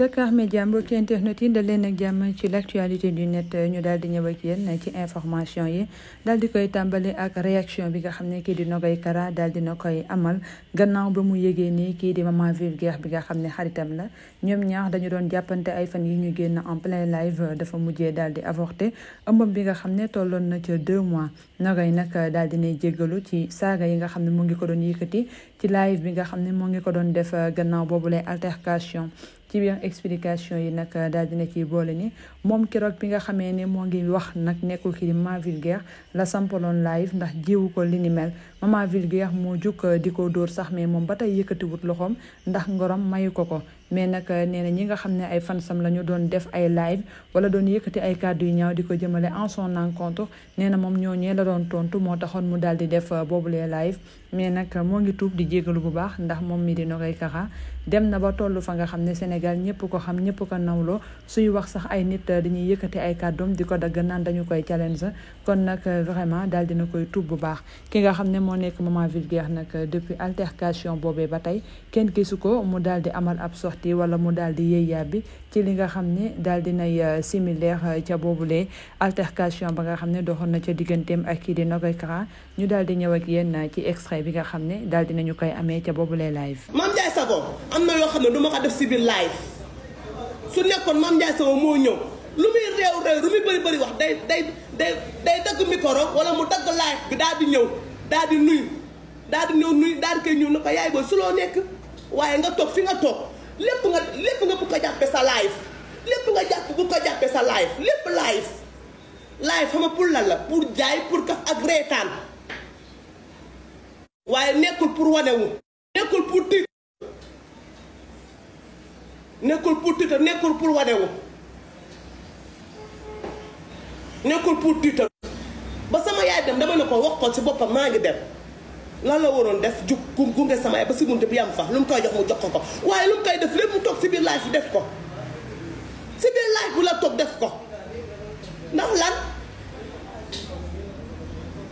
média Media mbokki internet yi da leen ak jàmm ci lectualité actualité du net ñu daal di ci ak yéen ci information yi daal di koy tàmbali ak réaction bi nga xam ne kii di Nogaye Kara daal na koy amal gannaaw ba mu yëgee nii kii di Mama Vulgaire bi nga xam ne xaritam la ñoom ñaax dañu doon jàppante ay fan yi ñu génn en plein live dafa mujjee daal di avorté ëmbam bi nga xam ne tolloon na ca deux mois Nogaye nag daal dinay jéggalu ci saaga yi nga xam ne mu ngi ko doon yëkkati ci live bi nga xam ne mu ngi ko doon def gannaaw boobu lay altercation ci biir explication yi nag euh, daal dina ci boole ni moom keroog bi nga xamee ne moo ngi wax nag nekku ki di maman vulgaire la sampaloon live ndax jiwu ko li ni mel maman vulgaire moo jukk euh, di ko dóor sax mais moom ba tey yëkkatiwut loxoom ndax ngorom mayu ko ko mais nag euh, nee na ñi nga xam ne ay fansam la ñu doon def ay live wala doon yëkkati ay kàddu yu ñaaw di ko jëmale en son encontre nee na moom ñooñee la doon tontu moo taxoon mu daal di def euh, boobulee live mais nag euh, moo ngi tuub di jégalu bu baax ndax moom mi di Nogaye Kara dem na ba tollu fa nga xam ne Sénégal ñëpp ko xam ñëpp ko nawloo suy wax sax ay nit dañuy yëkkati ay kàddoom di ko dagg naan dañu koy challenge kon nag vraiment daal dina koy tuub bu baax ki nga xam ne moo nekk Maman Vulgaire nag depuis altercation boobee ba tey kenn gisu ko mu daal di amal ab sortie waxti wala mu daal di yëy yàbbi ci li nga xam ne daal di nay euh, similaire euh, ca boobu boobule altercation ba nga xam ne doxoon na ca digganteem ak kii di Nogaye Kara ñu daal di ñëw ak yéen euh, ci extrait bi nga xam ne daal di nañu koy amee ca boobule live. Mame Ndiaye Savon am na yoo xam ne du ma ko def si biir live su nekkoon Mame Ndiaye Savon moo ñëw lu muy réew réew lu muy bëri bëri wax day day dagg micro wala mu dagg live bi daal ñëw daal di nuyu koy ñëw na ko yaay booy su loo nekk waaye nga toog fi nga toog. lépp nga lépp nga bu ko jàppee sa live lépp nga jàpp bu ko jàppee sa live lépp live live xam pour lan la pour jaay pour kaf ak reetaan waaye nekkul pour wanewu nekkul pour tiit nekkul pour tiita nekkul pour wanewu nekkul pour tiita ba sama yaay dem dama ne ko wax ko ci boppam maa ngi dem lan la waroon def jug gu gunge sama yaay ba si buntu bi yam fa lu mu koy jox mu jox ko ko waaye lu mu koy def lépp mu toog si biir laaj bi def ko si biir laaj bu la toog def ko ndax lan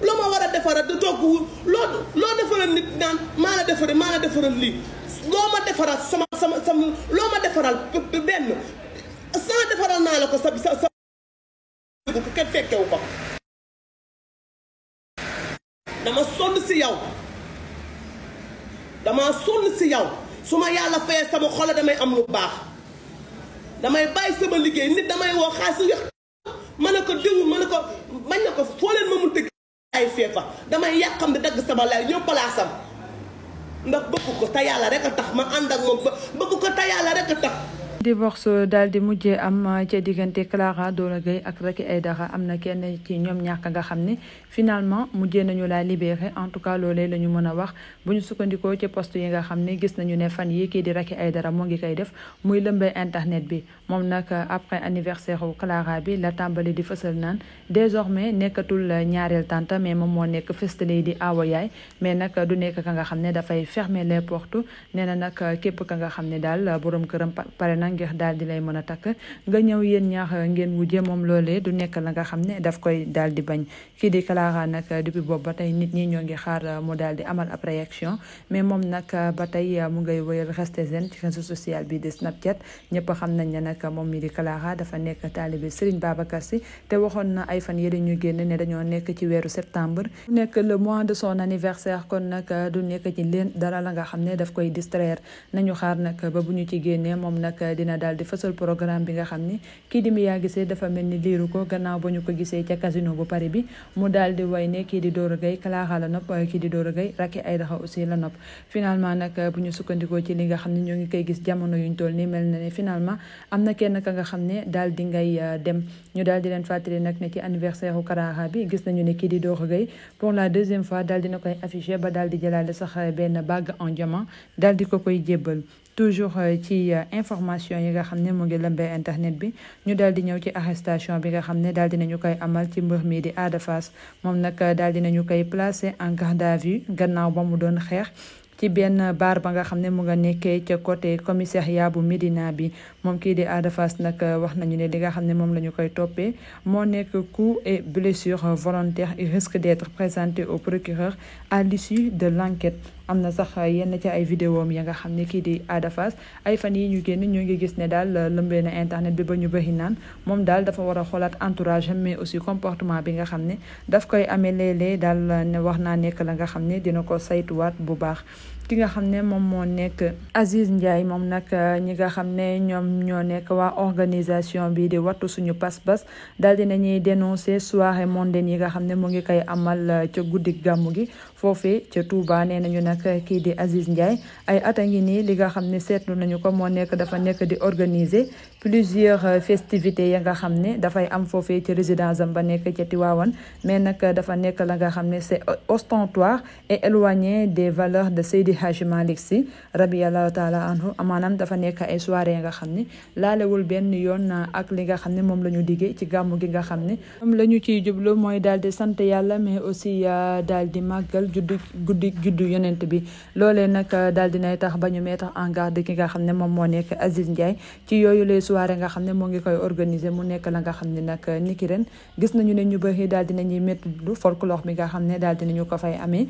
lu ma war a defaral di toog loo loo defaral nit naan maa la defaral maa la defaral lii loo ma defaral sama sama sama loo ma defaral benn sans defaral naa la ko sa sa sa ko kenn fekkewu ko dama sonn si yow dama sonn si yow su ma yàlla fayee sama xol damay am lu baax damay bàyyi sama liggéey nit damay woo xaalis yëpp ma ne ko diw ma ne ko mañ na ko foo leen ma mun tëgg ay feefa damay yàqam di dagg sama lay ñëw palaasam ndax bëgg ko te yàlla rek a tax ma ànd ak moom bëgg ko te yàlla rek a tax divorce euh, daal di mujjee am euh, ca diggante Clara Dora Gueye ak Racky Aïdara am na kenn ci ñoom ñàkk nga xam ne finalement mujjee nañu laa libéré en tout cas loolee la ñu mën a wax bu ñu sukkandikoo ci post yi nga xam ne gis nañu ne fan yi kii di ay dara moo ngi koy def muy lëmbee internet bi moom nag euh, après anniversaire wu Clara bi la tàmbali di fësal naan désormais nekkatul ñaareel tante mais moom moo nekk first lady di awa yaay mais nag du nekk ka nga xam ne dafay fermer les portes nee na nag képp ka nga xam ne daal borom këram pare na na ngir daal di lay mën a takk nga ñëw yéen ñaar ngeen wujje moom loolee du nekk la nga xam ne daf koy daal di bañ kii di Clara nag depuis boobu ba tey nit ñi ñoo ngi xaar mu daal di amal ab réaction mais moom nag ba tey mu ngay wëyal rester zen ci réseau social bi di Snapchat ñëpp xam nañ ne nag moom mi di Clara dafa nekk taalibe Serigne Babacar Sy te waxoon na ay fan ñu génn ne dañoo nekk ci weeru septembre nekk le mois de son anniversaire dina daal di fësal programme bi nga xam ne kii di Mia Guissé dafa mel ni liiru ko gannaaw ba ñu ko gisee ca casino bu Paris bi mu daal di way ne kii di Doro Gueye Clara la nopp waaye euh, kii di gay Gueye ay daxa aussi la nopp finalement nag euh, bu ñu sukkandikoo ci li nga xam ne ñoo ngi koy gis jamono yuñ toll nii mel na ne finalement am na kenn ka nga xam ne daal di ngay euh, dem ñu daal di leen fàttali nag ne ci anniversaire u Clara bi gis nañu ne kii di Doro Gueye pour la deuxième fois daal dina koy affiché ba daal di jëlaale sax benn bague en diamant daal di ko koy jébbal toujours euh, ci euh, information yi nga xam ne mu ngi lëmbee internet bi ñu daal di ñëw ci arrestation bi nga xam ne daal dinañu koy amal ci mbër mii di Ada moom nag euh, daal dinañu koy placé en garde à vue gannaaw ba mu doon xeex ci benn baar ba nga xam ne mu nga nekkee ca côté commissariat bu Médina bi moom kii di Ada Fass nag wax nañu ne li nga xam ne moom la ñu koy toppee moo nekk coup et blessure volontaire il risque d'être présenté au procureur à l'issue de l'enquête am na sax yenn ci ay vidéo am ya nga xam ne kii di Ada ay fan yi ñu génn ñoo ngi gis ne daal lëmbee na internet bi ba ñu bëri naan moom daal dafa war a xoolaat entourage mais aussi comportement bi nga xam ne daf koy amee léeg-léeg daal ne wax naa nekk la nga xam ne dina ko saytuwaat bu baax ki nga xam ne moom moo nekk Aziz Ndiaye moom nag euh, ñi nga xam ne ñoom ñoo nekk waa organisation bi di wattu suñu pas-pas dal di nañuy dénoncer soirée mondaine yi nga xam ne mu ngi koy amal euh, ca guddi gàmmu gi foofee ca Touba nee nañu nag kii di Aziz Ndiaye ay at ngi nii li nga xam ne seetlu nañu ko moo nekk dafa nekk di organiser plusieurs euh, festivités ya nga xam ne dafay am foofee ci résidence am ba nekk ci Tiwaawan mais nag dafa nekk la nga xam ne c'est ostentatoire et éloigné de Seydi Hadji Malick Sy rabiyallahu taala anhu maanaam dafa nekk ay soirée nga xam ne laalewul benn yoon ak li nga xam ne moom la ñu diggee ci gàmmu gi nga xam ne moom la ñu ciy jublu mooy daal di sant yàlla mais aussi euh, daal di màggal juddu guddi juddu yonent bi loolee nag euh, daal nay tax ba ñu mettre en garde ki nga xam ne moom moo nekk Aziz Ndiaye ci yooyu les soirées nga xam ne moo ngi koy organiser mu nekk la nga xam ne nag euh, niki ren gis nañu ne ñu bëri daal dinañuy métti du folklore bi nga xam ne daal dinañu ko fay amee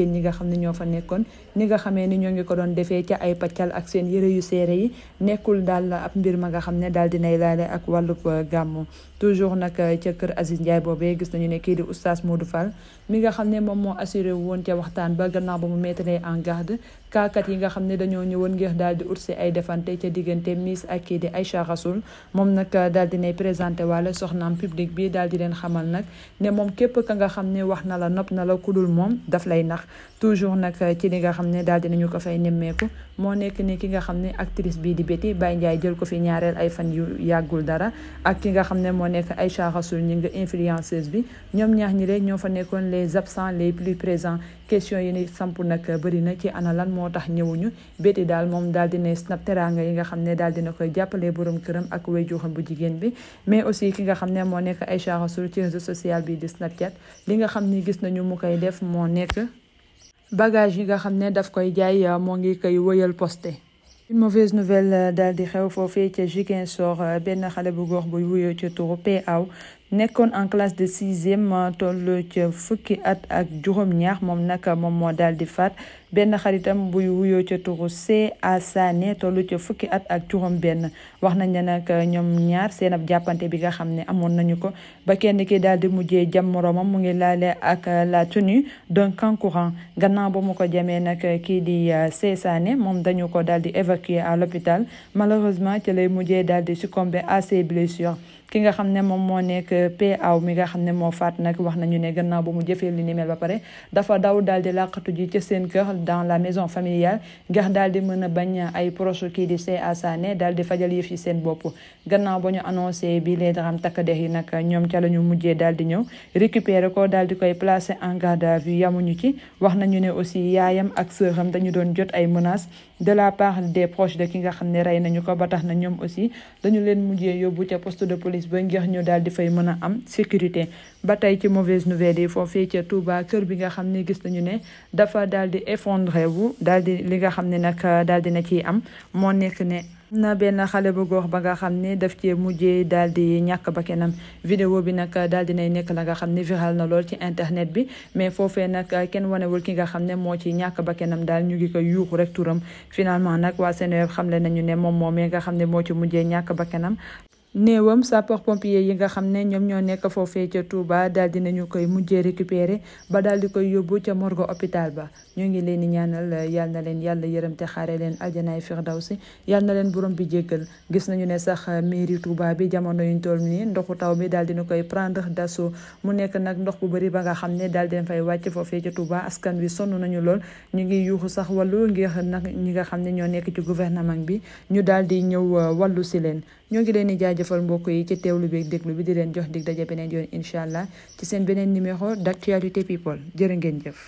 jigéen ñi nga xam ne ñoo fa nekkoon ñi nga xamee ni ñoo ngi ko doon defee ca ay paccal ak seen yëre yu seere yi nekkul daal ab mbir ma nga xam ne daal dinay laale ak wàllub euh, gàmmu toujours nag euh, ca kër Aziz Ndiaye boobee gis nañu ne kii di oustaz Modou Fall mi nga xam ne moom moo assuré woon ca waxtaan ba gannaaw ba mu mettre en garde kaakat yi nga xam ne dañoo ñëwoon ngir daal di utsi ay defante ca diggante Miss ak kii di Aïcha Rasoul moom nag euh, daal dinay présenté waale soxnaam public bi daal di leen xamal nag ne moom képp ka nga xam ne wax na la nopp na la kudul moom daf lay nax toujours nag eh, ci li nga xam ne daal nañu ko fay nemmeeku moo nekk ni ki nga xam ne actrice bii di Betty Baye Ndiaye jël ko fi ñaareel ay fan yu yàggul dara ak ki nga xam ne moo nekk Aïcha Rassoul ñi nga influenceuse bi ñoom ñaax ñi rek ñoo fa nekkoon les absents les plus présents question yi ni samp nag bëri na ci ana lan moo tax ñëwuñu Betty daal moom daal dina snap teraanga yi nga xam ne daal dina koy jàppale borom këram ak wéyjuuxam bu jigéen bi mais aussi ki nga xam ne moo nekk Aïcha Rassoul ci réseau social bi di Snapchat li nga xam ne gis nañu mu koy def moo nekk bagage yi nga xam ne daf koy jaay euh, moo ngi koy wëyal posté une mauvaise nouvelle euh, daal di xew foofee ca Ziguinchor euh, benn xale bu gox buy wuyo ci turu Paw nekkoon en classe de sixième toll ca fukki at ak juróom-ñaar moom nag moom moo daal di faat benn xaritam buy wuyoo ca turu ca sanne tollu ca fukki at ak juróom benn wax nañ ne nag ñoom ñaar seen jàppante bi nga xam ne amoon nañu ko ba kenn ki daal di mujjee jam moroomam mu ngi laale ak la tenue d'un concurrent gannaaw ba mu ko jamee nag kii di euh, ca Sané moom dañu ko daal di évacuer à l'hôpital malheureusement ci lay mujjee daal di succomber à ses blessures ki nga xam ne moom moo nekk p aw mi nga xam ne moo faat nag wax nañu ne gannaaw ba mu jëfee li ni mel pare dans la maison familiale ngax daal di mën a bañ ay proche kii di CA Sané daal di fajal yëf yi seen bopp gannaaw ba ñu annoncé bi les dram takk dex yi nag ñoom ca la ñu mujjee daal di ñëw récupérer ko daal di koy placer en garde à vue yamuñu ci wax nañu ne aussi yaayam ak sëram dañu doon jot ay menaces de la part des proches de ki nga xam ne rey nañu ko ba tax na ñoom aussi dañu leen mujjee yóbbu ca poste de police ba ngir ñu daal di fay mën a am sécurité ba tey ci mauvaise nouvelle yi foofee ca Touba kër bi nga xam ne gis nañu ne dafa daal di effondré wu daal di li nga xam ne nag daal di na ciy am moo nekk ne na benn xale bu góor ba nga xam ne def cee mujjee daldi ñàkk ba kenam vidéo bi nag daal di nay nekk la nga xam ni viral na lool ci internet bi mais foofee nag kenn wanewul ki nga xam ne moo ci ñàkk ba kenam daal ñu ngi ko yuuxu rek turam finalement nag waa Seneweb xamle nañu ne moom moomee nga xam ne moo ci mujjee ñàkk ba kenam néewam por pompier yi nga xam ne ñoom ñoo nekk foofee ca Touba daal dinañu koy mujjee récupérer ba daal di koy yóbbu ca morgue hôpital ba ñu ngi leen di ñaanal yal na leen yàlla yërëm te xaare leen aljanaay si yal na leen borom bi jéggal gis nañu ne sax mairie Touba bi jamono yuñ toll nii ndoxu taw bi daal na koy prendre d'assaut mu nekk nag ndox bu bari ba nga xam ne daal dina fay wàcc foofee ca Touba askan wi sonn nañu lool ñu ngi yuuxu sax wàllu ngir nag ñi nga xam ne ñoo nekk ci gouvernement bi ñu daal di ñëw uh, wàllu si leen ñoo ngi leen di jaajëfal mbokk yi ci teewlu bi déglu bi di leen jox dig daje beneen yoon incha allah ci seen beneen numéro d' actualité people jërë ngeen jëf.